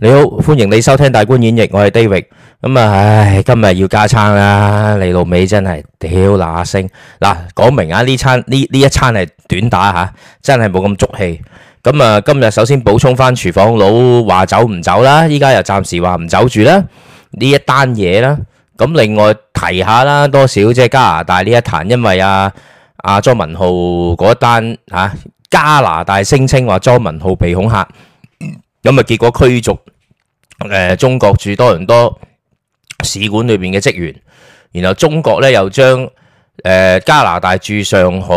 你好，歡迎你收聽大觀演繹，我係 David。咁啊，唉，今日要加餐啦，你老味真係屌乸聲。嗱，講明啊，呢餐呢呢一餐係短打吓，真係冇咁足氣。咁啊，今日首先補充翻廚房佬話走唔走啦，依家又暫時話唔走住啦。呢一單嘢啦，咁另外提下啦，多少即係加拿大呢一壇，因為啊啊莊文浩嗰單吓，加拿大聲稱話莊文浩被恐嚇。咁啊，結果驅逐誒中國駐多倫多使館裏邊嘅職員，然後中國咧又將誒加拿大駐上海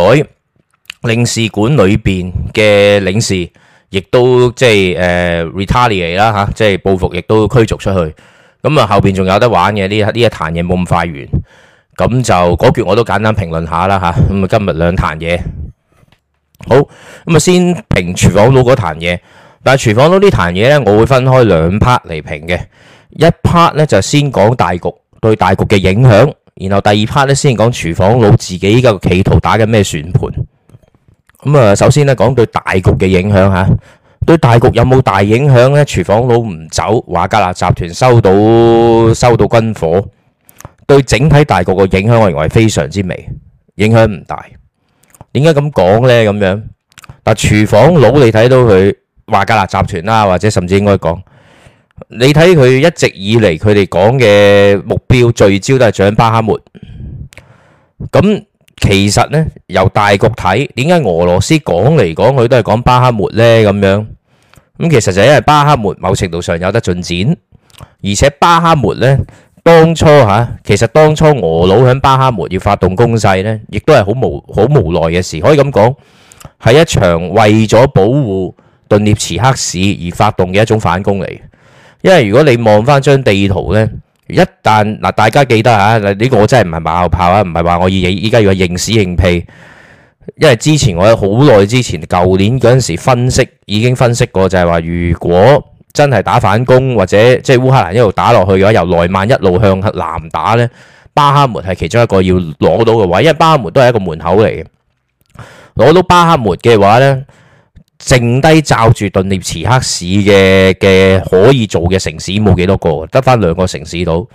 領事館裏邊嘅領事，亦都即係誒 retaliate 啦嚇，即係報復，亦都驅逐出去。咁啊，後邊仲有得玩嘅呢？呢一壇嘢冇咁快完，咁就嗰橛我都簡單評論下啦嚇。咁啊，今日兩壇嘢好，咁啊先評廚房佬嗰壇嘢。但係廚房佬呢壇嘢咧，我會分開兩 part 嚟評嘅。一 part 咧就先講大局對大局嘅影響，然後第二 part 咧先講廚房佬自己個企圖打緊咩算盤。咁啊，首先咧講對大局嘅影響吓，對大局有冇大影響咧？廚房佬唔走，華格納集團收到收到軍火，對整體大局個影響，我認為非常之微，影響唔大。點解咁講咧？咁樣，但係廚房佬你睇到佢。華格納集團啦，或者甚至應該講，你睇佢一直以嚟佢哋講嘅目標聚焦都係喺巴哈末咁。其實咧，由大局睇，點解俄羅斯講嚟講去都係講巴哈末咧？咁樣咁其實就因為巴哈末某程度上有得進展，而且巴哈末咧當初嚇，其實當初俄佬喺巴哈末要發動攻勢咧，亦都係好無好無奈嘅事，可以咁講係一場為咗保護。頓涅茨克市而發動嘅一種反攻嚟，因為如果你望翻張地圖呢，一旦嗱大家記得嚇，呢、這個我真係唔係馬後炮啊，唔係話我要依家要認屎認屁，因為之前我好耐之前舊年嗰陣時分析已經分析過就，就係話如果真係打反攻或者即係、就是、烏克蘭一路打落去嘅話，由內曼一路向南打呢，巴哈門係其中一個要攞到嘅位。因為巴哈門都係一個門口嚟嘅，攞到巴哈門嘅話呢。剩低罩住頓涅茨克市嘅嘅可以做嘅城市冇幾多個，得翻兩個城市到。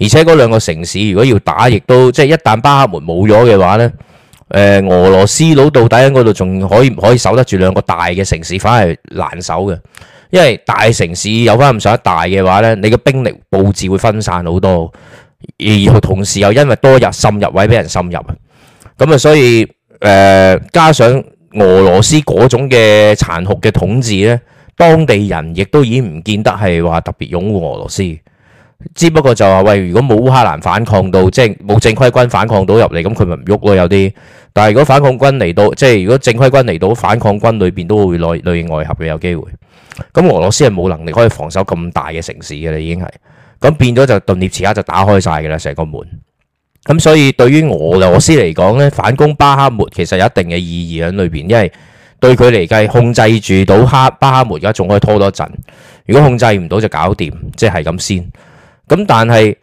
而且嗰兩個城市如果要打，亦都即係一旦巴克門冇咗嘅話咧，誒，俄羅斯佬到底喺嗰度仲可以唔可以守得住兩個大嘅城市，反而難守嘅。因為大城市有翻咁上一大嘅話咧，你嘅兵力佈置會分散好多，而同時又因為多入滲入位，俾人滲入。咁啊，所以誒加上。俄羅斯嗰種嘅殘酷嘅統治呢，當地人亦都已經唔見得係話特別擁護俄羅斯，只不過就話喂，如果冇烏克蘭反抗到，即係冇正規軍反抗到入嚟，咁佢咪唔喐咯？有啲，但係如果反抗軍嚟到，即係如果正規軍嚟到，反抗軍裏邊都會內內應外合嘅，有機會。咁俄羅斯係冇能力可以防守咁大嘅城市嘅啦，已經係，咁變咗就頓涅茨克就打開晒嘅啦，成個門。咁所以對於俄羅斯嚟講咧，反攻巴哈末其實有一定嘅意義喺裏邊，因為對佢嚟計控制住到哈巴哈末，而家仲可以拖多陣。如果控制唔到就搞掂，即係咁先。咁但係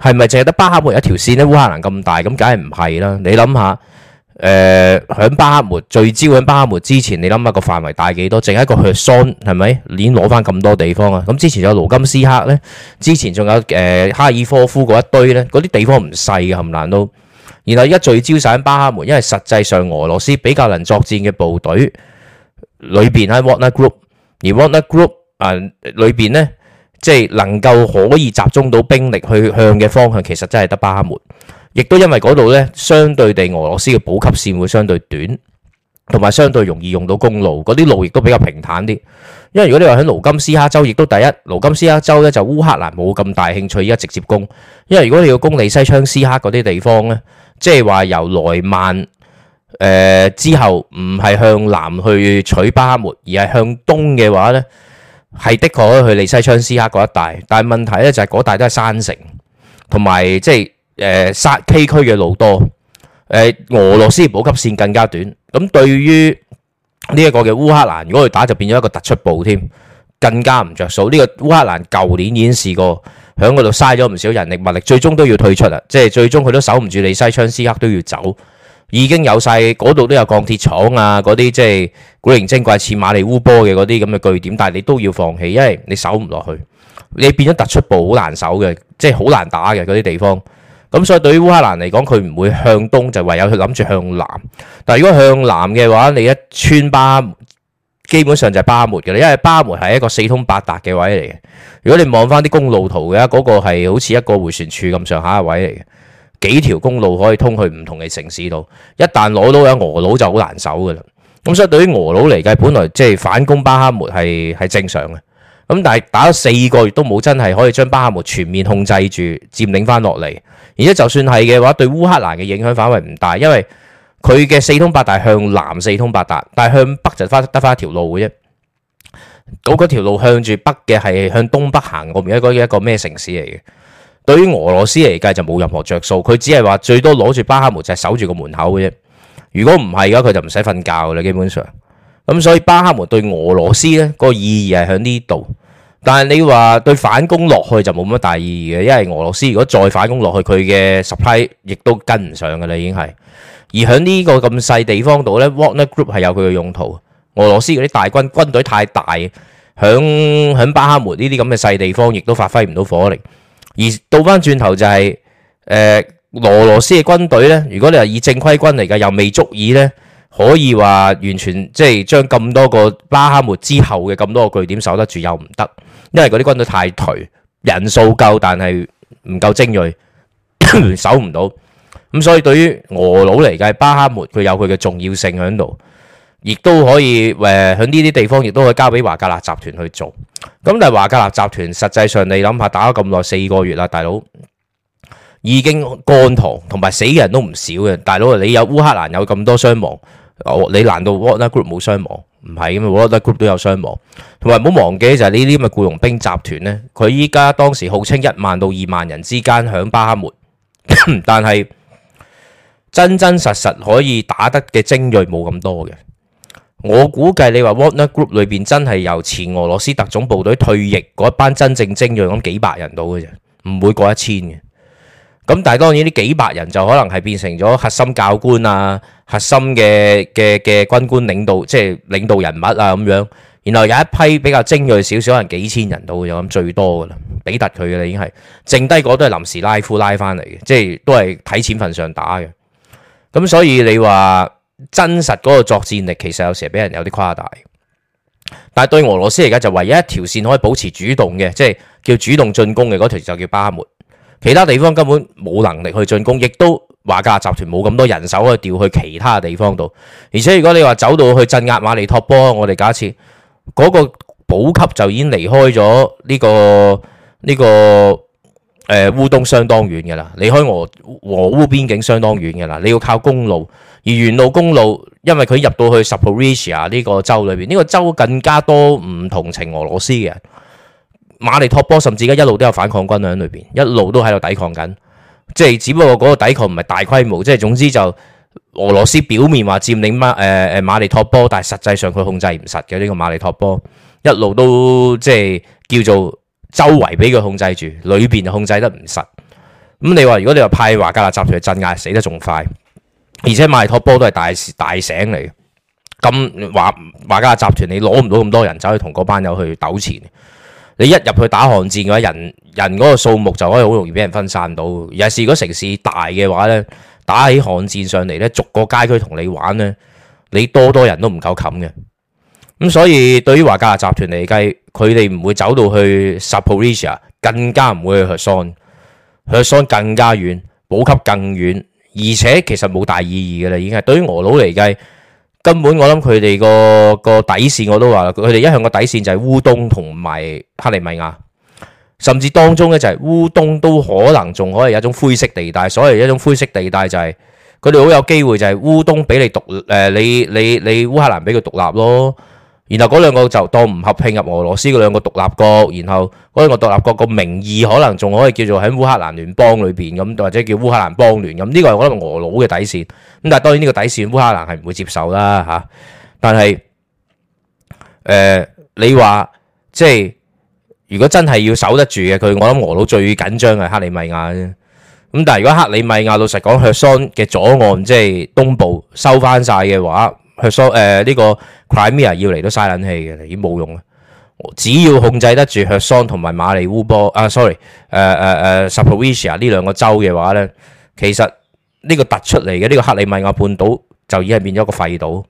係咪淨係得巴哈末一條線呢？烏克蘭咁大，咁梗係唔係啦？你諗下。誒喺、呃、巴赫門聚焦喺巴赫門之前，你諗下個範圍大幾多？淨係一個赫桑係咪？已經攞翻咁多地方啊！咁之前有盧金斯克咧，之前仲有誒、呃、哈爾科夫嗰一堆咧，嗰啲地方唔細嘅，冚 𠾴 唥都。然後依家聚焦晒喺巴赫門，因為實際上俄羅斯比較能作戰嘅部隊裏邊喺 Wagner Group，而 Wagner Group 啊裏邊咧，即係能夠可以集中到兵力去向嘅方向，其實真係得巴赫門。亦都因為嗰度咧，相對地俄羅斯嘅補給線會相對短，同埋相對容易用到公路，嗰啲路亦都比較平坦啲。因為如果你話喺盧甘斯克州，亦都第一，盧甘斯克州咧就烏克蘭冇咁大興趣，而家直接攻。因為如果你要攻利西昌斯克嗰啲地方咧，即係話由萊曼誒之後，唔係向南去取巴赫莫，而係向東嘅話咧，係的確可以去利西昌斯克嗰一帶。但係問題咧就係嗰帶都係山城，同埋即係。誒，沙、呃、崎區嘅路多，誒、呃，俄羅斯補給線更加短。咁對於呢一個嘅烏克蘭，如果佢打就變咗一個突出部添，更加唔着數。呢、呢個烏克蘭舊年已經試過響嗰度嘥咗唔少人力物力，最終都要退出啦。即係最終佢都守唔住你，你西昌斯克都要走，已經有晒嗰度都有鋼鐵廠啊，嗰啲即係古靈精怪似馬利烏波嘅嗰啲咁嘅據點，但係你都要放棄，因為你守唔落去，你變咗突出部好難守嘅，即係好難打嘅嗰啲地方。咁所以對於烏克蘭嚟講，佢唔會向東，就唯有佢諗住向南。但係如果向南嘅話，你一穿巴哈末，基本上就係巴哈末嘅啦，因為巴哈末係一個四通八達嘅位嚟嘅。如果你望翻啲公路圖嘅，嗰個係好似一個迴旋處咁上下嘅位嚟嘅，幾條公路可以通去唔同嘅城市度。一旦攞到咗俄佬就好難守噶啦。咁所以對於俄佬嚟計，本來即係反攻巴哈末係係正常嘅。咁但係打咗四個月都冇真係可以將巴哈末全面控制住佔領翻落嚟。而家就算係嘅話，對烏克蘭嘅影響範圍唔大，因為佢嘅四通八達向南四通八達，但係向北就得翻一條路嘅啫。嗰條路向住北嘅係向東北行過面一個一個咩城市嚟嘅？對於俄羅斯嚟計就冇任何着數，佢只係話最多攞住巴哈門就係守住個門口嘅啫。如果唔係嘅話，佢就唔使瞓覺啦。基本上咁，所以巴哈門對俄羅斯咧個意義係喺呢度。但係你話對反攻落去就冇乜大意義嘅，因為俄羅斯如果再反攻落去，佢嘅 supply 亦都跟唔上㗎啦，已經係。而喺呢個咁細地方度呢 Wagner Group 係有佢嘅用途。俄羅斯嗰啲大軍軍隊太大，響響巴哈姆呢啲咁嘅細地方亦都發揮唔到火力。而倒翻轉頭就係、是，誒、呃，俄羅斯嘅軍隊呢，如果你係以正規軍嚟㗎，又未足以呢。可以話完全即係將咁多個巴哈末之後嘅咁多個據點守得住又唔得，因為嗰啲軍隊太頹，人數夠但係唔夠精鋭， 守唔到。咁所以對於俄佬嚟計，巴哈末佢有佢嘅重要性喺度，亦都可以誒喺呢啲地方亦都可以交俾華格納集團去做。咁但係華格納集團實際上你諗下打咗咁耐四個月啦，大佬已經乾塘，同埋死嘅人都唔少嘅。大佬你有烏克蘭有咁多傷亡。哦，你難道 Wagner Group 冇傷亡？唔係，因為，Wagner Group 都有傷亡。同埋唔好忘記就係呢啲咁嘅僱傭兵集團呢，佢依家當時號稱一萬到二萬人之間響巴哈姆， 但係真真實實可以打得嘅精鋭冇咁多嘅。我估計你話 Wagner Group 裏邊真係由前俄羅斯特種部隊退役嗰一班真正精鋭咁幾百人到嘅啫，唔會過一千嘅。咁但係當然呢幾百人就可能係變成咗核心教官啊、核心嘅嘅嘅軍官領導，即係領導人物啊咁樣。然後有一批比較精銳少少，可能幾千人到有。咁最多噶啦，俾特佢嘅啦，已經係剩低嗰都係臨時拉夫拉翻嚟嘅，即係都係睇錢份上打嘅。咁所以你話真實嗰個作戰力，其實有時俾人有啲誇大。但係對俄羅斯而家就唯一一條綫可以保持主動嘅，即係叫主動進攻嘅嗰條就叫巴赫穆。其他地方根本冇能力去進攻，亦都華格集團冇咁多人手去調去其他地方度。而且如果你話走到去鎮壓馬里托波，我哋假設嗰、那個補給就已經離開咗呢、這個呢、這個誒、呃、烏東相當遠嘅啦，離開俄俄烏邊境相當遠嘅啦，你要靠公路，而沿路公路因為佢入到去 Zaporizhzhia 呢個州裏邊，呢、這個州更加多唔同情俄羅斯嘅馬利托波甚至而家一路都有反抗軍喺裏邊，一路都喺度抵抗緊。即係，只不過嗰個抵抗唔係大規模。即係總之就俄羅斯表面話佔領馬誒誒、呃、馬利托波，但係實際上佢控制唔實嘅呢、呢個馬利托波一路都即係叫做周圍俾佢控制住，裏邊控制得唔實。咁你話如果你話派華格納集團去鎮壓，死得仲快，而且馬利托波都係大大省嚟，咁華華格納集團你攞唔到咁多人走去同嗰班友去糾纏。你一入去打巷戰嘅話，人人嗰個數目就可以好容易俾人分散到。尤其是如果城市大嘅話呢，打起巷戰上嚟呢，逐個街區同你玩呢，你多多人都唔夠冚嘅。咁、嗯、所以對於華格納集團嚟計，佢哋唔會走到去 Zaporizhzhia，更加唔會去 Kherson。Kherson 更加遠，補給更遠，而且其實冇大意義嘅啦，已經係對於俄佬嚟計。根本我諗佢哋個個底線我都話啦，佢哋一向個底線就係烏東同埋克里米亞，甚至當中咧就係烏東都可能仲可以有一種灰色地帶，所謂一種灰色地帶就係佢哋好有機會就係烏東俾你獨誒、呃，你你你，你烏克蘭俾佢獨立咯。然後嗰兩個就當唔合併入俄羅斯嗰兩個獨立國，然後嗰兩個獨立國個名義可能仲可以叫做喺烏克蘭聯邦裏邊咁，或者叫烏克蘭邦聯咁。呢個係我諗俄佬嘅底線。咁但係當然呢個底線烏克蘭係唔會接受啦，吓。但係誒，你話即係如果真係要守得住嘅，佢，我諗俄佬最緊張係克里米亞啫。咁但係如果克里米亞，老實講，黑山嘅左岸即係東部收翻曬嘅話。Kherson，呃，呢個 Crimea 要嚟都嘥冷氣嘅，已經冇用啦。只要控制得住 Kherson 同埋馬利烏波啊，sorry 誒誒誒 Zaporizhzhia 呢兩個州嘅話咧，其實呢個突出嚟嘅呢個克里米亞半島就已係變咗個廢島。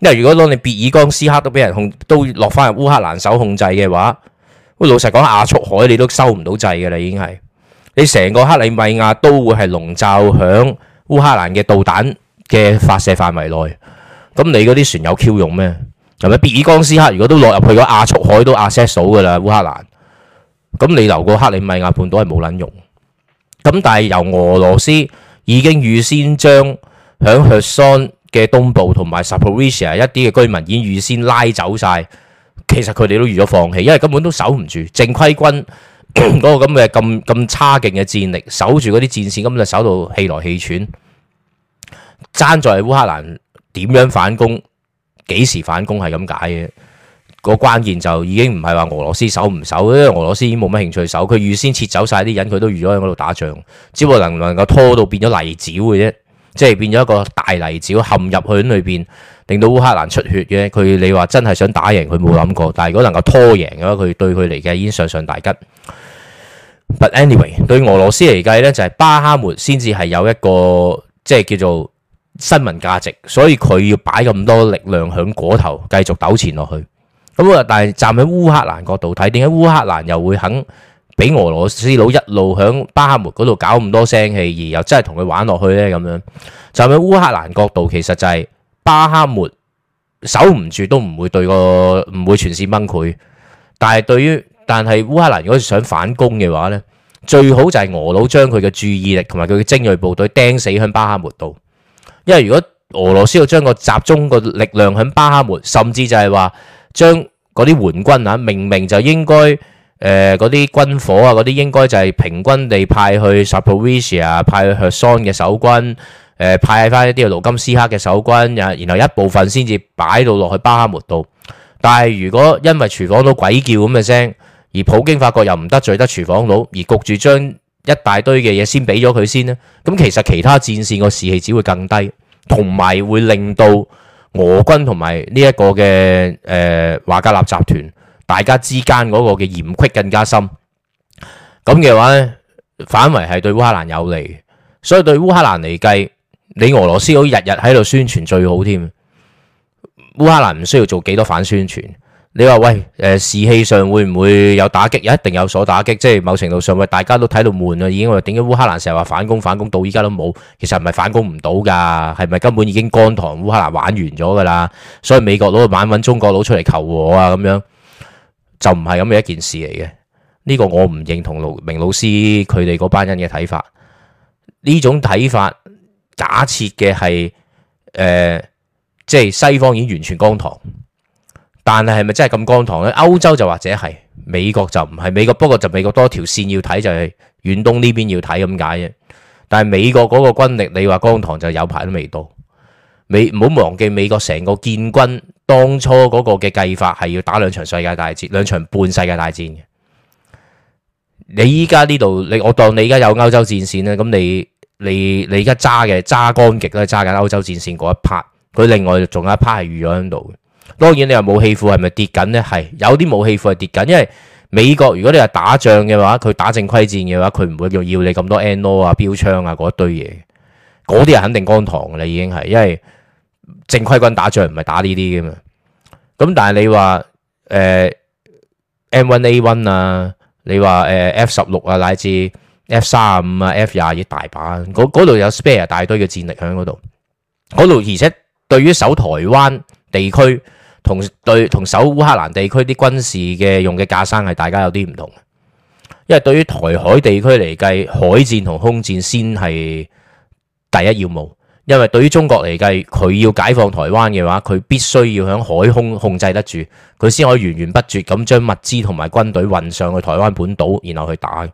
因為如果當你別爾江斯克都俾人控，都落翻烏克蘭手控制嘅話，老實講，亞速海你都收唔到制嘅啦，已經係你成個克里米亞都會係籠罩響烏克蘭嘅導彈嘅發射範圍內。咁你嗰啲船有 Q 用咩？係咪別爾江斯克如果都落入去個亞速海都 s 塞掃嘅啦，烏克蘭。咁你留個克里米亞半島係冇撚用。咁但係由俄羅斯已經預先將響赫山嘅東部同埋 s u b o r u s s i a 一啲嘅居民已經預先拉走晒。其實佢哋都預咗放棄，因為根本都守唔住。正規軍嗰 個咁嘅咁咁差勁嘅戰力，守住嗰啲戰線根就守到氣來氣喘，爭在烏克蘭。點樣反攻？幾時反攻係咁解嘅？個關鍵就已經唔係話俄羅斯守唔守，因為俄羅斯已經冇乜興趣守。佢預先撤走晒啲人，佢都預咗喺嗰度打仗。只不過能唔能夠拖到變咗泥沼嘅啫，即係變咗一個大泥沼，陷入去喺裏邊，令到烏克蘭出血嘅。佢你話真係想打贏，佢冇諗過。但係如果能夠拖贏嘅話，佢對佢嚟計已經上上大吉。But anyway，對俄羅斯嚟計呢，就係、是、巴哈門先至係有一個即係叫做。新聞價值，所以佢要擺咁多力量響嗰頭繼續糾纏落去。咁啊，但係站喺烏克蘭角度睇，點解烏克蘭又會肯俾俄羅斯佬一路響巴哈末嗰度搞咁多聲氣，而又真係同佢玩落去呢？咁樣站喺烏克蘭角度，其實就係巴哈末守唔住都唔會對個，唔會全線崩潰。但係對於但係烏克蘭如果想反攻嘅話呢，最好就係俄佬將佢嘅注意力同埋佢嘅精鋭部隊釘死響巴哈末度。因為如果俄羅斯要將個集中個力量喺巴哈姆，甚至就係話將嗰啲援軍啊，明明就應該誒嗰啲軍火啊，嗰啲應該就係平均地派去 Zaporizhzhia、派去 Kherson 嘅守軍，誒、呃、派翻一啲盧甘斯克嘅守軍，然後一部分先至擺到落去巴哈姆度。但係如果因為廚房佬鬼叫咁嘅聲，而普京發覺又唔得罪得廚房佬，而焗住將一大堆嘅嘢先俾咗佢先咧，咁其實其他戰線個士氣只會更低。同埋會令到俄軍同埋呢一個嘅誒瓦格納集團大家之間嗰個嘅嫌隙更加深，咁嘅話咧，反為係對烏克蘭有利，所以對烏克蘭嚟計，你俄羅斯可以日日喺度宣傳最好添，烏克蘭唔需要做幾多反宣傳。你話喂，誒士氣上會唔會有打擊？一定有所打擊，即係某程度上喂，大家都睇到悶啊，已經。點解烏克蘭成日話反攻反攻，到依家都冇？其實唔係反攻唔到噶，係咪根本已經乾塘烏克蘭玩完咗噶啦？所以美國佬玩穩，中國佬出嚟求和啊，咁樣就唔係咁嘅一件事嚟嘅。呢個我唔認同盧明老師佢哋嗰班人嘅睇法。呢種睇法假設嘅係誒，即係西方已經完全乾塘。但係係咪真係咁光堂咧？歐洲就或者係美國就唔係美國，不過就美國多條線要睇，就係遠東呢邊要睇咁解啫。但係美國嗰個軍力，你話光堂就有排都未到。美唔好忘記美國成個建軍當初嗰個嘅計法係要打兩場世界大戰，兩場半世界大戰嘅。你依家呢度你我當你而家有歐洲戰線咧，咁你你你依家揸嘅揸乾極都係揸緊歐洲戰線嗰一 part，佢另外仲有一 part 係預咗喺度。當然，你話武器庫係咪跌緊呢？係有啲武器庫係跌緊，因為美國如果你話打仗嘅話，佢打正規戰嘅話，佢唔會要要你咁多 n、NO、刀啊、標槍啊嗰一堆嘢。嗰啲係肯定乾塘，你已經係因為正規軍打仗唔係打呢啲噶嘛。咁但係你話誒、呃、M One A One 啊，你話誒、呃、F 十六啊，乃至 F 三十五啊、F 廿二啊，大把嗰度有 spare 大堆嘅戰力喺嗰度嗰度，而且對於守台灣地區。同對同守烏克蘭地區啲軍事嘅用嘅架生係大家有啲唔同，因為對於台海地區嚟計，海戰同空戰先係第一要務。因為對於中國嚟計，佢要解放台灣嘅話，佢必須要響海空控制得住，佢先可以源源不絕咁將物資同埋軍隊運上去台灣本島，然後去打。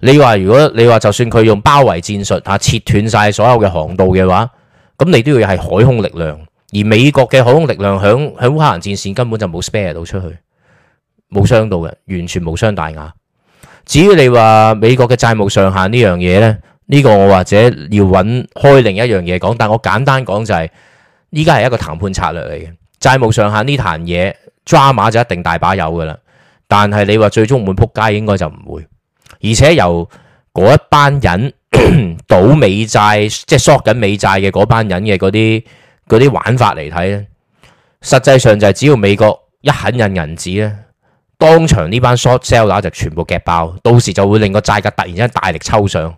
你話如果你話就算佢用包圍戰術嚇，切斷晒所有嘅航道嘅話，咁你都要係海空力量。而美國嘅航空力量響響烏克蘭戰線根本就冇 spare 到出去，冇傷到嘅，完全冇傷大雅。至於你話美國嘅債務上限呢樣嘢呢，呢、呢個我或者要揾開另一樣嘢講，但我簡單講就係、係，依家係一個談判策略嚟嘅。債務上限呢壇嘢，抓馬就一定大把有噶啦。但係你話最終滿撲街應該就唔會，而且由嗰一班人 賭美債，即係 short 緊美債嘅嗰班人嘅嗰啲。嗰啲玩法嚟睇咧，實際上就係只要美國一肯印銀紙咧，當場呢班 short seller 就全部夾爆，到時就會令個債價突然之間大力抽上。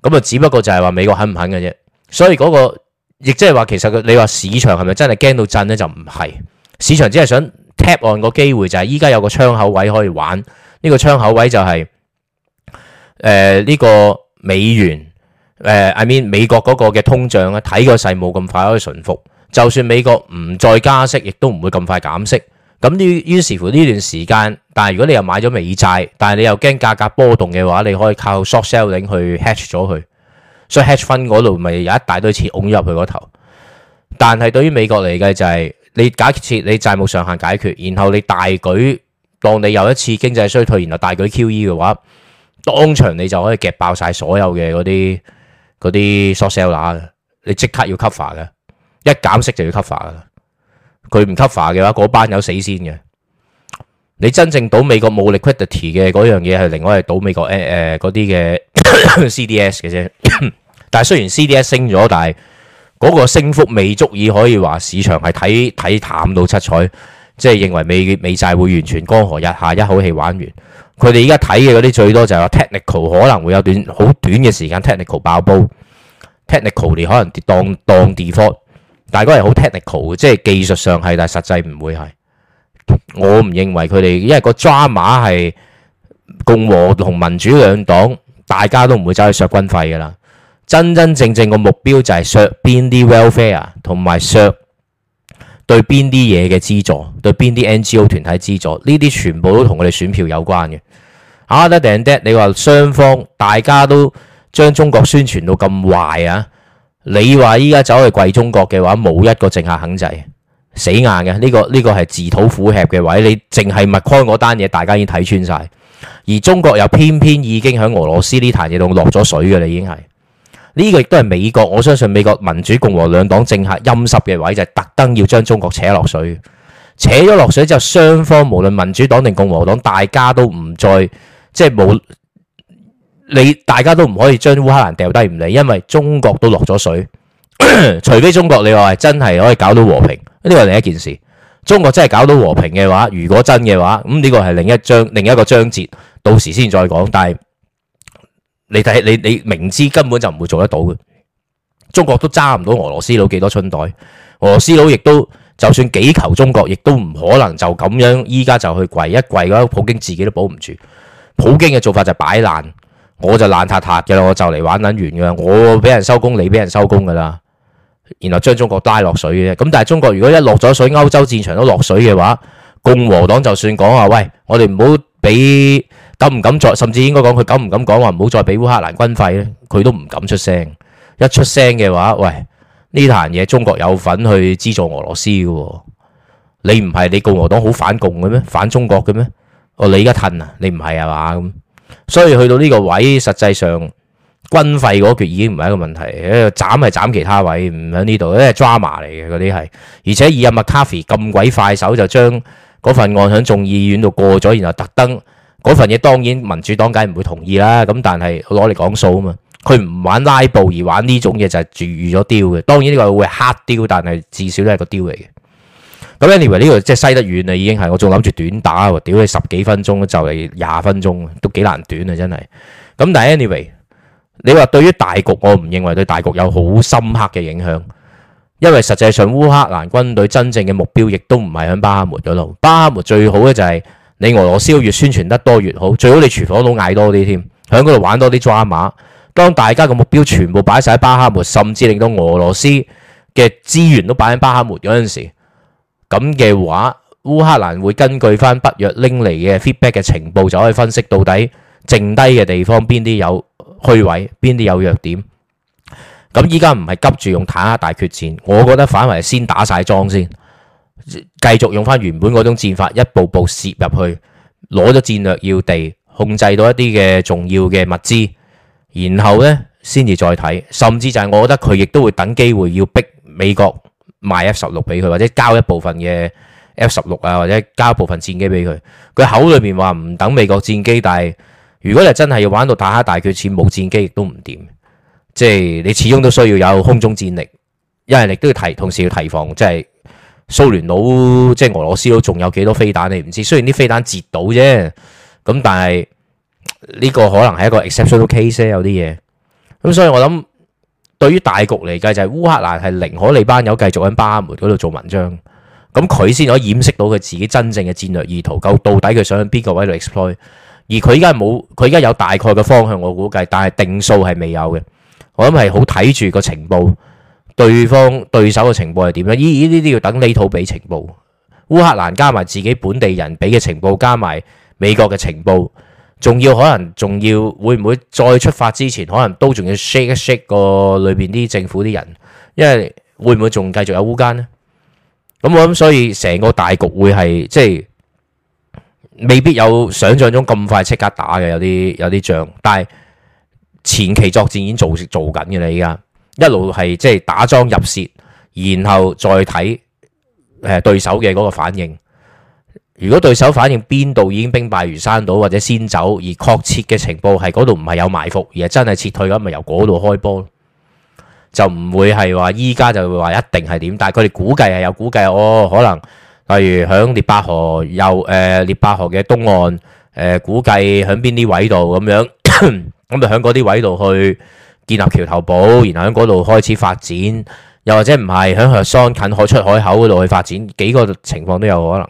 咁啊，只不過就係話美國肯唔肯嘅啫。所以嗰個亦即係話，其實你話市場係咪真係驚到震咧？就唔係，市場只係想 tap on 個機會，就係依家有個窗口位可以玩。呢個窗口位就係誒呢個美元。誒，I mean 美國嗰個嘅通脹咧，睇個勢冇咁快可以馴服。就算美國唔再加息，亦都唔會咁快減息。咁於於是乎呢段時間，但係如果你又買咗美債，但係你又驚價格波動嘅話，你可以靠 short selling 去 hedge 咗佢。所以 hedge fund 嗰度咪有一大堆錢㧬咗入去嗰頭。但係對於美國嚟計就係、是、你假設你債務上限解決，然後你大舉當你有一次經濟衰退，然後大舉 QE 嘅話，當場你就可以夾爆晒所有嘅嗰啲。嗰啲 short seller 嘅，你即刻要 cover 嘅，一減息就要 cover 嘅。佢唔 cover 嘅話，嗰班有死先嘅。你真正賭美國冇 liquidity 嘅嗰樣嘢係另外係賭美國誒誒嗰啲嘅 CDS 嘅啫。但係雖然 CDS 升咗，但係嗰個升幅未足以可以話市場係睇睇淡到七彩，即係認為美美債會完全江河日下，一口氣玩完。佢哋而家睇嘅嗰啲最多就係話 technical，可能會有短好短嘅時間 technical 爆煲，technical 你可能當當 default，但係嗰係好 technical，即係技術上係，但係實際唔會係。我唔認為佢哋因為個 drama 係共和同民主兩黨大家都唔會走去削軍費㗎啦，真真正正個目標就係削邊啲 welfare 同埋削。對邊啲嘢嘅資助，對邊啲 NGO 團體資助，呢啲全部都同我哋選票有關嘅。啊，得定你話雙方大家都將中國宣傳到咁壞啊？你話依家走去跪中國嘅話，冇一個政客肯制，死硬嘅。呢個呢個係自討苦吃嘅位，你淨係勿開嗰單嘢，大家已經睇穿晒。而中國又偏偏已經喺俄羅斯呢壇嘢度落咗水嘅，你已經係呢個亦都係美國，我相信美國民主共和兩黨政客陰濕嘅位就係特登要將中國扯落水，扯咗落水之後，雙方無論民主黨定共和黨，大家都唔再即係冇你，大家都唔可以將烏克蘭掉低唔理，因為中國都落咗水，除非中國你話係真係可以搞到和平，呢個係另一件事，中國真係搞到和平嘅話，如果真嘅話，咁呢個係另一章另一個章節，到時先再講，但係。你睇你你明知根本就唔會做得到嘅，中國都揸唔到俄羅斯佬幾多春袋俄羅，俄羅斯佬亦都就算幾求中國，亦都唔可能就咁樣依家就去跪一跪，咁普京自己都保唔住。普京嘅做法就擺爛，我就爛塌塌嘅啦，我就嚟玩撚完嘅，我俾人收工，你俾人收工噶啦，然後將中國拉落水嘅。咁但係中國如果一落咗水，歐洲戰場都落水嘅話，共和黨就算講話，喂，我哋唔好俾。敢唔敢再，甚至應該講佢敢唔敢講話唔好再俾烏克蘭軍費咧？佢都唔敢出聲。一出聲嘅話，喂，呢壇嘢中國有份去資助俄羅斯嘅喎。你唔係你共和黨好反共嘅咩？反中國嘅咩？哦，你而家褪啊？你唔係啊嘛？咁，所以去到呢個位，實際上軍費嗰橛已經唔係一個問題。斬係斬其他位，唔喺呢度，因為 drama 嚟嘅嗰啲係。而且以麥卡菲咁鬼快手，就將嗰份案喺眾議院度過咗，然後特登。嗰份嘢當然民主黨梗係唔會同意啦，咁但係攞嚟講數啊嘛，佢唔玩拉布而玩呢種嘢就係注定咗丟嘅，當然呢個會係黑丟，但係至少都係個丟嚟嘅。咁 Anyway 呢個即係西得遠啊，已經係我仲諗住短打喎，屌你十幾分鐘就嚟廿分鐘，都幾難短啊真係。咁但係 Anyway 你話對於大局我唔認為對大局有好深刻嘅影響，因為實際上烏克蘭軍隊真正嘅目標亦都唔係響巴赫穆嗰度，巴赫穆最好咧就係。你俄羅斯越宣傳得多越好，最好你廚房都嗌多啲添，喺嗰度玩多啲抓馬。當大家嘅目標全部擺晒喺巴哈末，甚至令到俄羅斯嘅資源都擺喺巴哈末嗰陣時，咁嘅話，烏克蘭會根據翻北約拎嚟嘅 feedback 嘅情報，就可以分析到底剩低嘅地方邊啲有虛位，邊啲有弱點。咁依家唔係急住用坦克大決戰，我覺得反為先打晒裝先。繼續用翻原本嗰種戰法，一步步涉入去，攞咗戰略要地，控制到一啲嘅重要嘅物資，然後呢先至再睇，甚至就係我覺得佢亦都會等機會要逼美國賣 F 十六俾佢，或者交一部分嘅 F 十六啊，或者交一部分戰機俾佢。佢口裏面話唔等美國戰機，但係如果你真係要玩到打下大決戰，冇戰機亦都唔掂，即係你始終都需要有空中戰力，因為你都要提，同時要提防，即係。蘇聯佬即係俄羅斯佬，仲有幾多飛彈你唔知？雖然啲飛彈截到啫，咁但係呢、這個可能係一個 exceptional case 有啲嘢。咁所以我諗，對於大局嚟計，就係、是、烏克蘭係寧可你班友繼續喺巴門嗰度做文章，咁佢先可以掩飾到佢自己真正嘅戰略意圖。究到底佢想喺邊個位度 exploit？而佢依家冇，佢依家有大概嘅方向，我估計，但係定數係未有嘅。我諗係好睇住個情報。對方對手嘅情報係點咧？呢呢啲都要等呢套俾情報，烏克蘭加埋自己本地人俾嘅情報，加埋美國嘅情報，仲要可能仲要會唔會再出發之前，可能都仲要 shake 一 shake 個裏邊啲政府啲人，因為會唔會仲繼續有烏奸呢？咁我諗，所以成個大局會係即係未必有想象中咁快即刻打嘅，有啲有啲仗，但係前期作戰已經做做緊嘅啦，依家。一路係即係打樁入蝕，然後再睇誒對手嘅嗰個反應。如果對手反應邊度已經兵敗如山倒，或者先走，而確切嘅情報係嗰度唔係有埋伏，而係真係撤退，咁咪由嗰度開波咯，就唔會係話依家就會話一定係點。但係佢哋估計係有估計，我、哦、可能例如響聶伯河又誒聶伯河嘅東岸，誒、呃、估計響邊啲位度咁樣，咁 就響嗰啲位度去。建立橋頭堡，然後喺嗰度開始發展，又或者唔係喺核桑近海出海口嗰度去發展，幾個情況都有可能，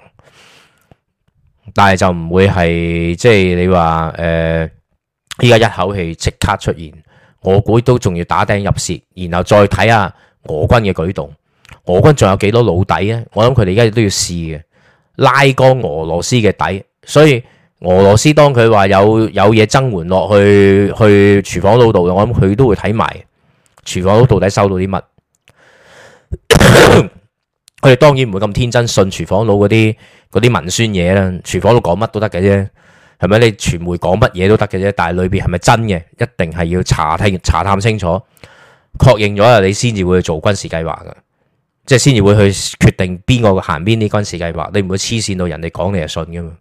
但係就唔會係即係你話誒，依、呃、家一口氣即刻出現。我估都仲要打釘入舌，然後再睇下俄軍嘅舉動，俄軍仲有幾多老底呢？我諗佢哋而家都要試嘅，拉高俄羅斯嘅底，所以。俄羅斯當佢話有有嘢增援落去去廚房佬度嘅，我諗佢都會睇埋廚房佬到底收到啲乜。佢哋 當然唔會咁天真信廚房佬嗰啲嗰啲文宣嘢啦，廚房佬講乜都得嘅啫，係咪？你傳媒講乜嘢都得嘅啫，但係裏邊係咪真嘅，一定係要查聽查探清楚，確認咗啊，你先至會去做軍事計劃嘅，即係先至會去決定邊個行邊啲軍事計劃。你唔會黐線到人哋講你就信噶嘛。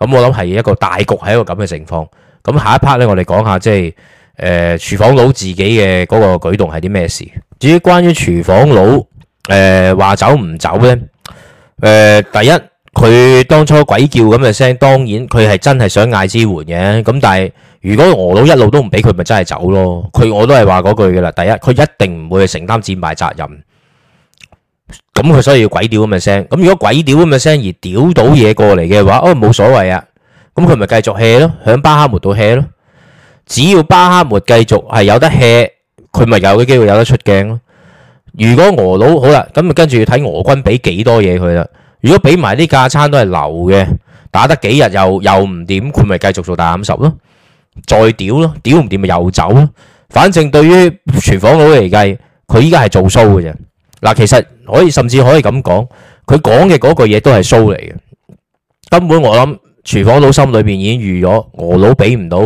咁、嗯、我諗係一個大局，係一個咁嘅情況。咁、嗯、下一 part 咧，我哋講下即係誒、呃，廚房佬自己嘅嗰個舉動係啲咩事？至於關於廚房佬誒、話、呃、走唔走咧？誒、呃，第一佢當初鬼叫咁嘅聲，當然佢係真係想嗌支援嘅。咁但係如果俄佬一路都唔俾佢，咪真係走咯。佢我都係話嗰句噶啦。第一，佢一定唔會去承擔戰敗責任。咁佢所以要鬼屌咁嘅聲，咁如果鬼屌咁嘅聲而屌到嘢過嚟嘅話，哦冇所謂啊，咁佢咪繼續 hea 咯，響巴哈門度 hea 咯，只要巴哈門繼續係有得 hea，佢咪有嘅機會有得出鏡咯。如果俄佬好啦，咁啊跟住睇俄軍俾幾多嘢佢啦，如果俾埋啲架撐都係流嘅，打得幾日又又唔掂，佢咪繼續做大五十咯，再屌咯，屌唔掂咪又走咯，反正對於廚房佬嚟計，佢依家係做 show 嘅啫。嗱，其實可以甚至可以咁講，佢講嘅嗰句嘢都係 show 嚟嘅。根本我諗廚房佬心裏面已經預咗，俄佬俾唔到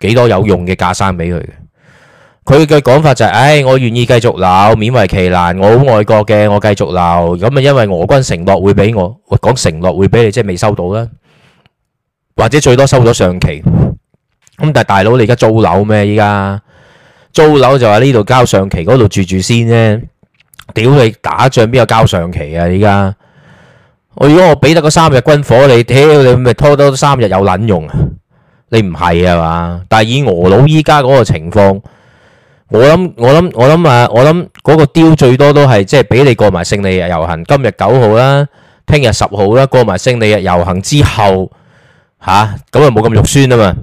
幾多有用嘅架生俾佢嘅。佢嘅講法就係、是，唉、哎，我願意繼續留，勉為其難。我好愛國嘅，我繼續留。咁啊，因為俄軍承諾會俾我，講承諾會俾你，即係未收到啦。或者最多收咗上期。咁但係大佬，你而家租樓咩？依家租樓就喺呢度交上期，嗰度住住先啫。屌你打仗邊有交上期啊！依家我如果我俾得個三日軍火你，屌你咪拖多三日有撚用啊！你唔係啊嘛？但係以俄佬依家嗰個情況，我諗我諗我諗啊，我諗嗰個雕最多都係即係俾你過埋勝利日遊行，今日九號啦，聽日十號啦，過埋勝利日遊行之後，吓咁啊冇咁肉酸啊嘛！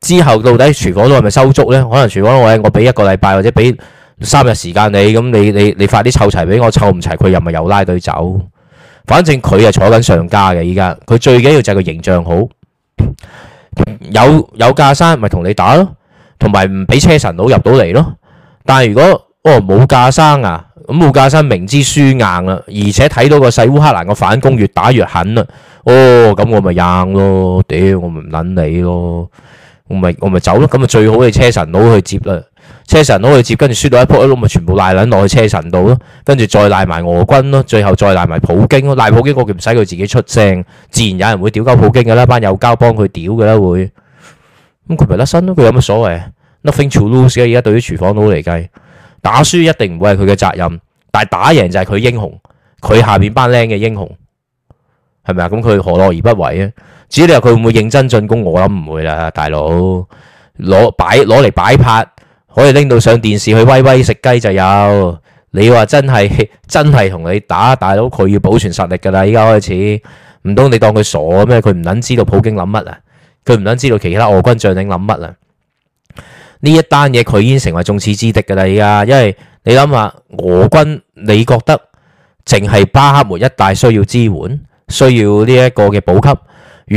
之後到底廚房都係咪收足咧？可能廚房我我俾一個禮拜或者俾。三日時間，你咁你你你發啲湊齊俾我，湊唔齊佢又咪又拉隊走，反正佢係坐緊上家嘅依家，佢最緊要就係個形象好，有有架生咪同你打咯，同埋唔俾車臣佬入到嚟咯。但係如果哦冇架生啊，咁冇架生明知輸硬啦，而且睇到個細烏克蘭個反攻越打越狠啊，哦咁我咪硬咯，屌我唔捻你咯，我咪我咪走咯，咁咪最好你車臣佬去接啦。車臣攞去接，跟住輸到一仆一碌，咪全部賴捻落去車臣度咯，跟住再賴埋俄軍咯，最後再賴埋普京咯，賴普京我叫唔使佢自己出聲，自然有人會屌交普京噶啦，班右膠幫佢屌噶啦會，咁佢咪甩身咯，佢有乜所謂 Nothing to lose 啊，而家對於廚房佬嚟計，打輸一定唔會係佢嘅責任，但係打贏就係佢英雄，佢下邊班僆嘅英雄，係咪啊？咁佢何樂而不為啊？至於你話佢會唔會認真進攻，我諗唔會啦，大佬攞擺攞嚟擺拍。可以拎到上電視去威威食雞就有。你話真係真係同你打大佬，佢要保存實力噶啦。依家開始，唔通你當佢傻咩？佢唔撚知道普京諗乜啊？佢唔撚知道其他俄軍將領諗乜啊？呢一單嘢佢已經成為眾矢之的噶啦，依家，因為你諗下俄軍，你覺得淨係巴克梅一帶需要支援，需要呢一個嘅補給，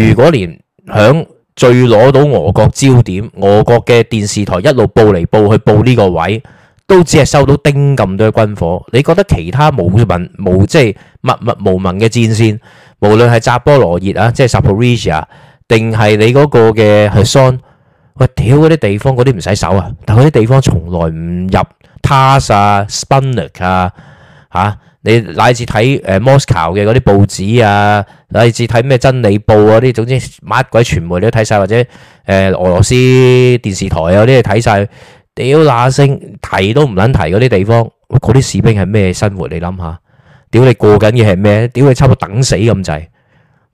如果連響最攞到俄國焦點，俄國嘅電視台一路報嚟報去報呢個位，都只係收到丁咁多軍火。你覺得其他無民無即係默默無聞嘅戰線，無論係扎波羅熱啊，即係 Zaporizhzhia 定係你嗰個嘅 Kherson，喂，屌嗰啲地方嗰啲唔使守啊，但嗰啲地方從來唔入，TASS 啊，Sputnik 啊，吓。你乃至睇誒 Moscow 嘅嗰啲報紙啊，乃至睇咩真理報啊，啲總之乜鬼傳媒你都睇晒，或者誒俄羅斯電視台啊啲睇晒。屌那聲提都唔撚提嗰啲地方，嗰啲士兵係咩生活？你諗下，屌你過緊嘅係咩？屌你差唔多等死咁滯，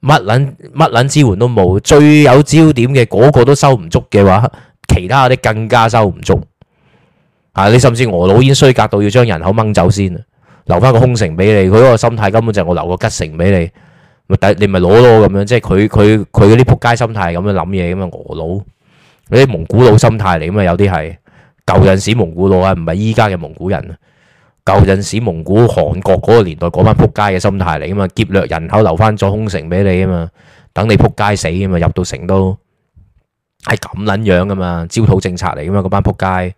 乜撚乜撚支援都冇，最有焦點嘅嗰個都收唔足嘅話，其他啲更加收唔足啊！你甚至俄佬已經衰格到要將人口掹走先留翻個空城俾你，佢嗰個心態根本就係我留個吉城俾你，咪抵你咪攞咯咁樣。即係佢佢佢嗰啲撲街心態咁樣諗嘢咁啊，俄佬嗰啲蒙古佬心態嚟。咁啊有啲係舊陣時蒙古佬啊，唔係依家嘅蒙古人，舊陣時蒙古韓國嗰個年代嗰班撲街嘅心態嚟啊嘛，劫掠人口留翻咗空城俾你啊嘛，等你撲街死啊嘛，入到城都係咁撚樣啊嘛，焦土政策嚟啊嘛，嗰班撲街。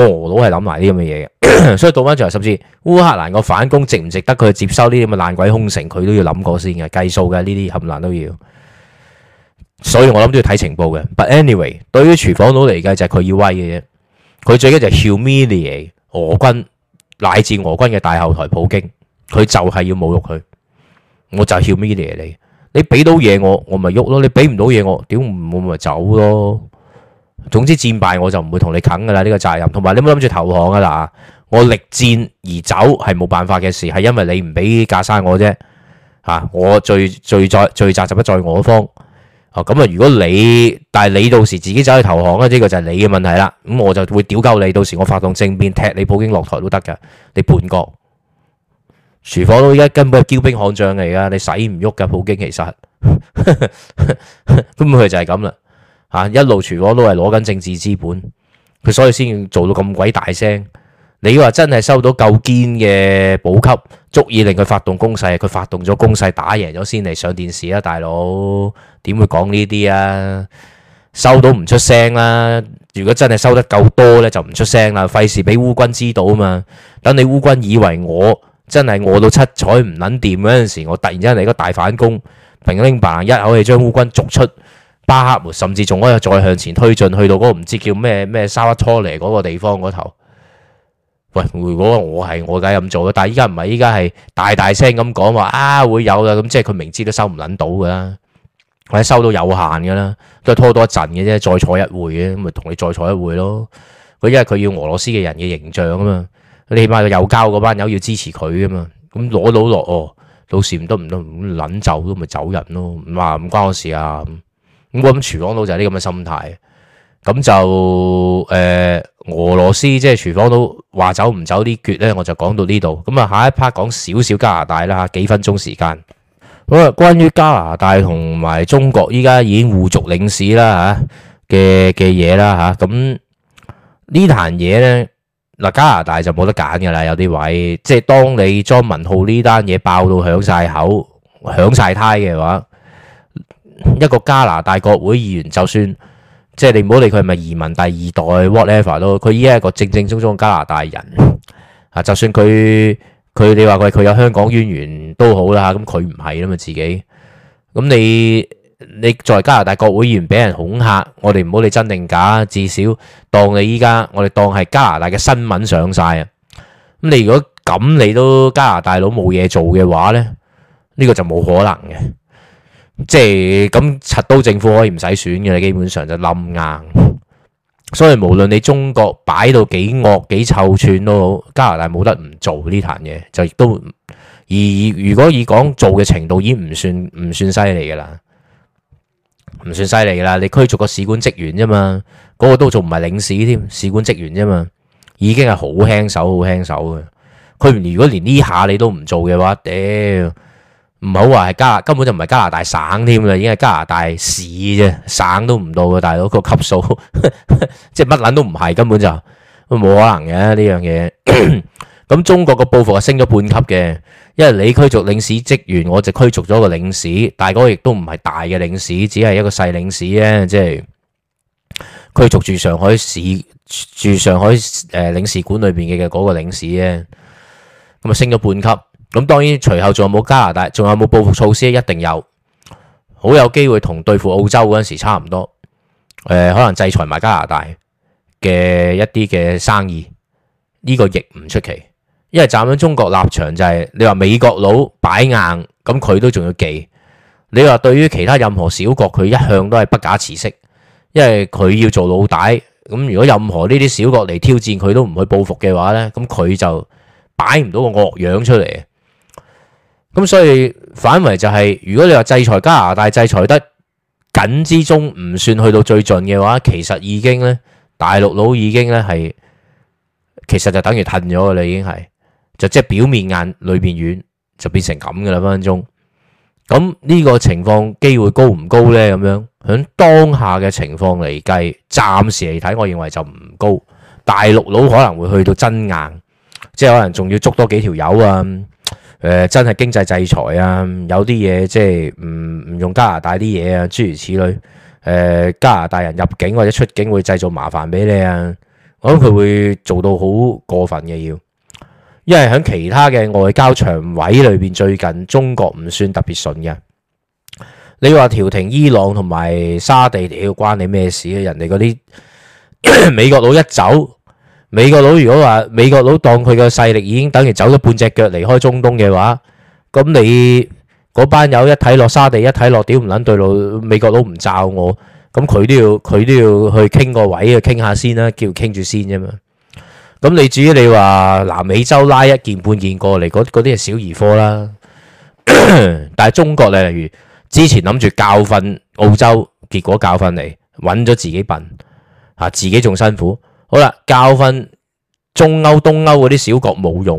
俄佬係諗埋啲咁嘅嘢嘅，所以倒翻轉頭，甚至烏克蘭個反攻值唔值得佢接收呢啲咁嘅爛鬼空城，佢都要諗過先嘅，計數嘅呢啲冚唪唥都要。所以我諗都要睇情報嘅。But anyway，對於廚房佬嚟計就係佢要威嘅啫，佢最緊就係 humiliate 俄軍乃至俄軍嘅大後台普京，佢就係要侮辱佢。我就 humiliate 你，你俾到嘢我，我咪喐咯；你俾唔到嘢我，屌我咪走咯。總之戰敗我就唔會同你啃噶啦，呢、這個責任。同埋你有冇諗住投降啊？嗱，我力戰而走係冇辦法嘅事，係因為你唔俾架生我啫。吓、啊，我最最在罪責就不在我方。哦、啊，咁、嗯、啊，如果你但係你到時自己走去投降啊，呢、這個就係你嘅問題啦。咁我就會屌鳩你，到時我發動政變踢你普京落台都得噶。你叛國，廚房都依家根本係驕兵悍將嚟噶，你使唔喐噶普京其實，咁 佢就係咁啦。吓，一路全部都係攞緊政治資本，佢所以先做到咁鬼大聲。你話真係收到夠堅嘅補給，足以令佢發動攻勢，佢發動咗攻勢，打贏咗先嚟上電視啊！大佬，點會講呢啲啊？收到唔出聲啦。如果真係收得夠多呢，就唔出聲啦，費事俾烏軍知道嘛。等你烏軍以為我真係餓到七彩唔捻掂嗰陣時，我突然之間嚟個大反攻，平拎棒一口氣將烏軍逐出，巴克甚至仲可以再向前推進，去到嗰個唔知叫咩咩沙拉托尼嗰個地方嗰頭。喂，如果我係我梗係咁做啦，但係依家唔係，依家係大大聲咁講，話啊會有啦，咁即係佢明知都收唔撚到噶啦，或者收到有限噶啦，都係拖多一陣嘅啫，再坐一會嘅，咪同你再坐一會咯。佢因為佢要俄羅斯嘅人嘅形象啊嘛，你起碼有交嗰班友要支持佢啊嘛，咁攞到落哦，到時唔得唔得撚走咁咪走人咯，唔話唔關我事啊。咁咁諗廚房佬就係啲咁嘅心態，咁就誒、呃、俄羅斯即係廚房佬話走唔走啲決呢？我就講到呢度。咁啊下一 part 講少少加拿大啦，吓幾分鐘時間。好啦，關於加拿大同埋中國依家已經互逐領事啦吓嘅嘅嘢啦吓，咁呢壇嘢呢，嗱加拿大就冇得揀噶啦，有啲位即係當你莊文浩呢單嘢爆到響晒口響晒胎嘅話。一個加拿大國會議員，就算即係你唔好理佢係咪移民第二代，whatever 咯，佢依家係一個正正宗宗嘅加拿大人啊，就算佢佢你話佢佢有香港淵源都好啦，咁佢唔係啦嘛自己，咁你你作為加拿大國會議員俾人恐嚇，我哋唔好理真定假，至少當你依家我哋當係加拿大嘅新聞上晒啊，咁你如果咁你都加拿大佬冇嘢做嘅話呢，呢、呢個就冇可能嘅。即係咁，柒都政府可以唔使選嘅，你基本上就冧硬。 所以無論你中國擺到幾惡幾臭，串都好，加拿大冇得唔做呢壇嘢，就亦都。而如果以講做嘅程度已經，已唔算唔算犀利噶啦，唔算犀利噶啦。你驅逐個使館職員啫嘛，嗰、嗰個都做唔係領事添，使館職員啫嘛，已經係好輕手，好輕手嘅。佢如果連呢下你都唔做嘅話，屌！唔好話係加，根本就唔係加拿大省添啦，已經係加拿大市啫，省都唔到嘅大佬、嗰個級數， 即係乜撚都唔係，根本就冇可能嘅呢樣嘢。咁 中國個報復係升咗半級嘅，因為你驅逐領事職員，我就驅逐咗個領事，但係嗰個亦都唔係大嘅領事，只係一個細領事咧，即係驅逐住上海市駐上海誒領事館裏邊嘅嗰個領事咧，咁啊升咗半級。咁當然，隨後仲有冇加拿大？仲有冇報復措施？一定有，好有機會同對付澳洲嗰陣時差唔多。誒、呃，可能制裁埋加拿大嘅一啲嘅生意，呢個亦唔出奇，因為站喺中國立場就係你話美國佬擺硬，咁佢都仲要忌。你話對於其他任何小國，佢一向都係不假辭色，因為佢要做老大。咁如果任何呢啲小國嚟挑戰，佢都唔去報復嘅話呢，咁佢就擺唔到個惡樣出嚟。咁所以反為就係、是，如果你話制裁加拿大制裁得緊之中唔算去到最盡嘅話，其實已經呢大陸佬已經呢係，其實就等於褪咗啦，已經係就即係表面硬裏面軟就變成咁噶啦分分鐘。咁呢個情況機會高唔高呢？咁樣喺當下嘅情況嚟計，暫時嚟睇，我認為就唔高。大陸佬可能會去到真硬，即係可能仲要捉多幾條友啊。誒、呃，真係經濟制裁啊！有啲嘢即係唔唔用加拿大啲嘢啊，諸如此類。誒、呃，加拿大人入境或者出境會製造麻煩俾你啊！我諗佢會做到好過分嘅，要。因為喺其他嘅外交場委裏邊，最近中國唔算特別順嘅。你話調停伊朗同埋沙地，要關你咩事啊？人哋嗰啲美國佬一走。美國佬如果話美國佬當佢個勢力已經等於走咗半隻腳離開中東嘅話，咁你嗰班友一睇落沙地，一睇落屌唔撚對路，美國佬唔罩我，咁佢都要佢都要去傾個位去傾下先啦，叫傾住先啫嘛。咁你至於你話南美洲拉一件半件過嚟，嗰啲係小兒科啦。 但係中國例如之前諗住教訓澳洲，結果教訓嚟揾咗自己笨嚇，自己仲辛苦。好啦，教訓中歐、東歐嗰啲小國冇用，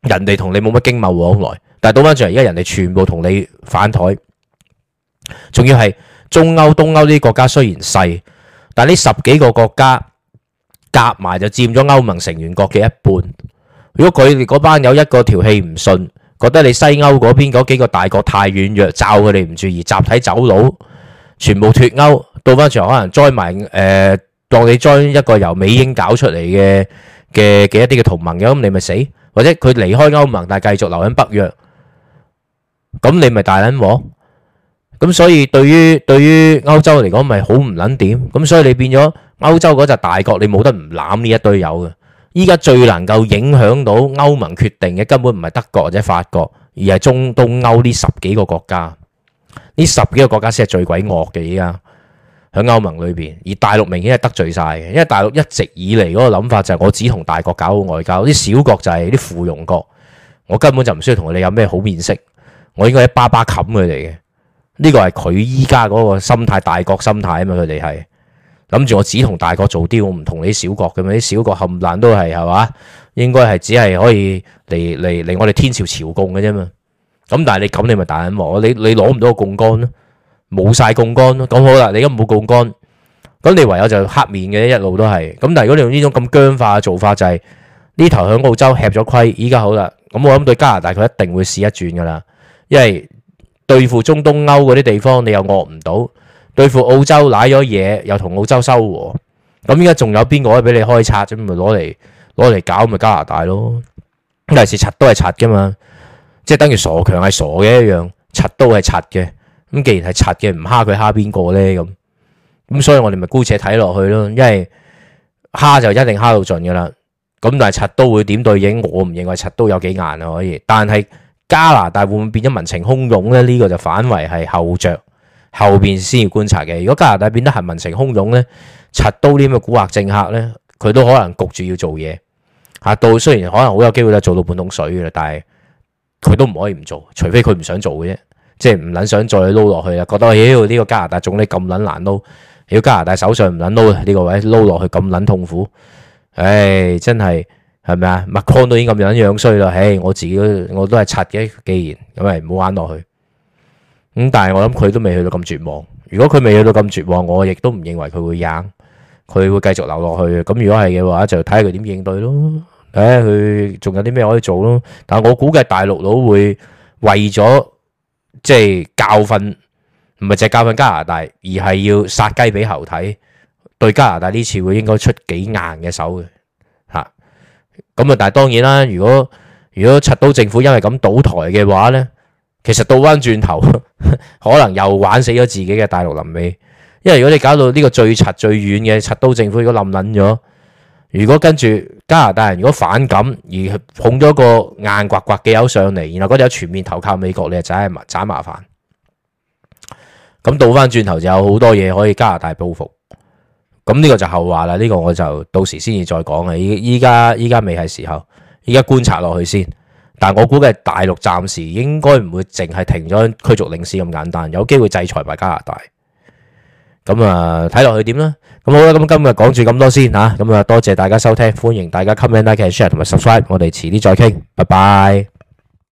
人哋同你冇乜經貿往來，但係倒翻轉嚟，而家人哋全部同你反台，仲要係中歐、東歐啲國家雖然細，但係呢十幾個國家夾埋就佔咗歐盟成員國嘅一半。如果佢哋嗰班有一個條氣唔順，覺得你西歐嗰邊嗰幾個大國太軟弱，罩佢哋唔住而集體走佬，全部脫歐，倒翻轉可能栽埋誒。當你將一個由美英搞出嚟嘅嘅嘅一啲嘅同盟，咁你咪死，或者佢離開歐盟但係繼續留喺北約，咁你咪大捻鑊，咁所以對於對於歐洲嚟講咪好唔捻點，咁所以你變咗歐洲嗰隻大國你冇得唔攬呢一堆友嘅。依家，最能夠影響到歐盟決定嘅根本唔係德國或者法國，而係中東歐呢十幾個國家，呢十幾個國家先係最鬼惡嘅依家。喺歐盟裏邊，而大陸明顯係得罪晒嘅，因為大陸一直以嚟嗰個諗法就係我只同大國搞好外交，啲小國就係啲附庸國，我根本就唔需要同佢哋有咩好面色，我應該一巴巴冚佢哋嘅。呢個係佢依家嗰個心態，大國心態啊嘛，佢哋係諗住我只同大國做啲，我唔同你小國咁樣，啲小國冚爛都係係嘛，應該係只係可以嚟嚟嚟我哋天朝朝貢嘅啫嘛。咁但係你咁你咪大眼望，你你攞唔到個槓桿啦。冇晒槓桿咯，咁好啦，你而家冇槓桿，咁你，你唯有就黑面嘅一路都係。咁但係如果你用呢種咁僵化嘅做法，就是，就係呢頭響澳洲吃咗虧，依家好啦，咁我諗對加拿大佢一定會試一轉噶啦，因為對付中東歐嗰啲地方你又惡唔到，對付澳洲賴咗嘢又同澳洲收和，咁依家仲有邊個可以俾你開拆？啫？咪攞嚟攞嚟搞咪加拿大咯，尤其是拆都係拆嘅嘛，即係等於傻強係傻嘅一樣，拆都係拆嘅。咁既然係賊嘅，唔蝦佢蝦邊個咧？咁咁，所以我哋咪姑且睇落去咯。因為蝦就一定蝦到盡噶啦。咁但係賊都會點對應？我唔認為賊都有幾硬可以硬。但係加拿大會唔會變咗民情洶湧咧？呢個就反為係後着，後邊先要觀察嘅。如果加拿大變得係民情洶湧咧，賊都呢啲咁嘅古惑政客咧，佢都可能焗住要做嘢嚇。到雖然可能好有機會咧做到半桶水嘅，但係佢都唔可以唔做，除非佢唔想做嘅啫。即係唔捻想再撈落去啦，覺得妖呢個加拿大總理咁捻難撈，妖加拿大首相唔捻撈啊！呢個位撈落去咁捻痛苦，唉，真係係咪啊？Macron 都已經咁樣樣衰啦，唉，我自己我都係柒嘅，既然咁咪唔好玩落去。咁但係我諗佢都未去到咁絕望，如果佢未去到咁絕望，我亦都唔認為佢會贏，佢會繼續留落去。咁如果係嘅話，就睇下佢點應對咯，睇下佢仲有啲咩可以做咯。但係我估計大陸佬會為咗。即係教訓，唔係淨係教訓加拿大，而係要殺雞俾猴睇。對加拿大呢次會應該出幾硬嘅手嘅吓，咁啊！但係當然啦，如果如果賊刀政府因為咁倒台嘅話咧，其實倒翻轉頭可能又玩死咗自己嘅大陸臨尾。因為如果你搞到呢個最賊最遠嘅賊刀政府如果冧撚咗。如果跟住加拿大人如果反感而捧咗個硬刮刮嘅油上嚟，然後嗰啲全面投靠美國，你就真係麻，揾麻煩。咁倒翻轉頭就有好多嘢可以加拿大報復。咁、這、呢個就後話啦，呢、這個我就到時先至再講啦。依依家依家未係時候，依家觀察落去先。但我估計大陸暫時應該唔會淨係停咗驅逐領事咁簡單，有機會制裁埋加拿大。咁啊，睇落去點啦，咁好啦，咁今日講住咁多先吓，咁啊，多謝大家收聽，歡迎大家 comment、like、share 同埋 subscribe，我哋遲啲再傾，拜拜。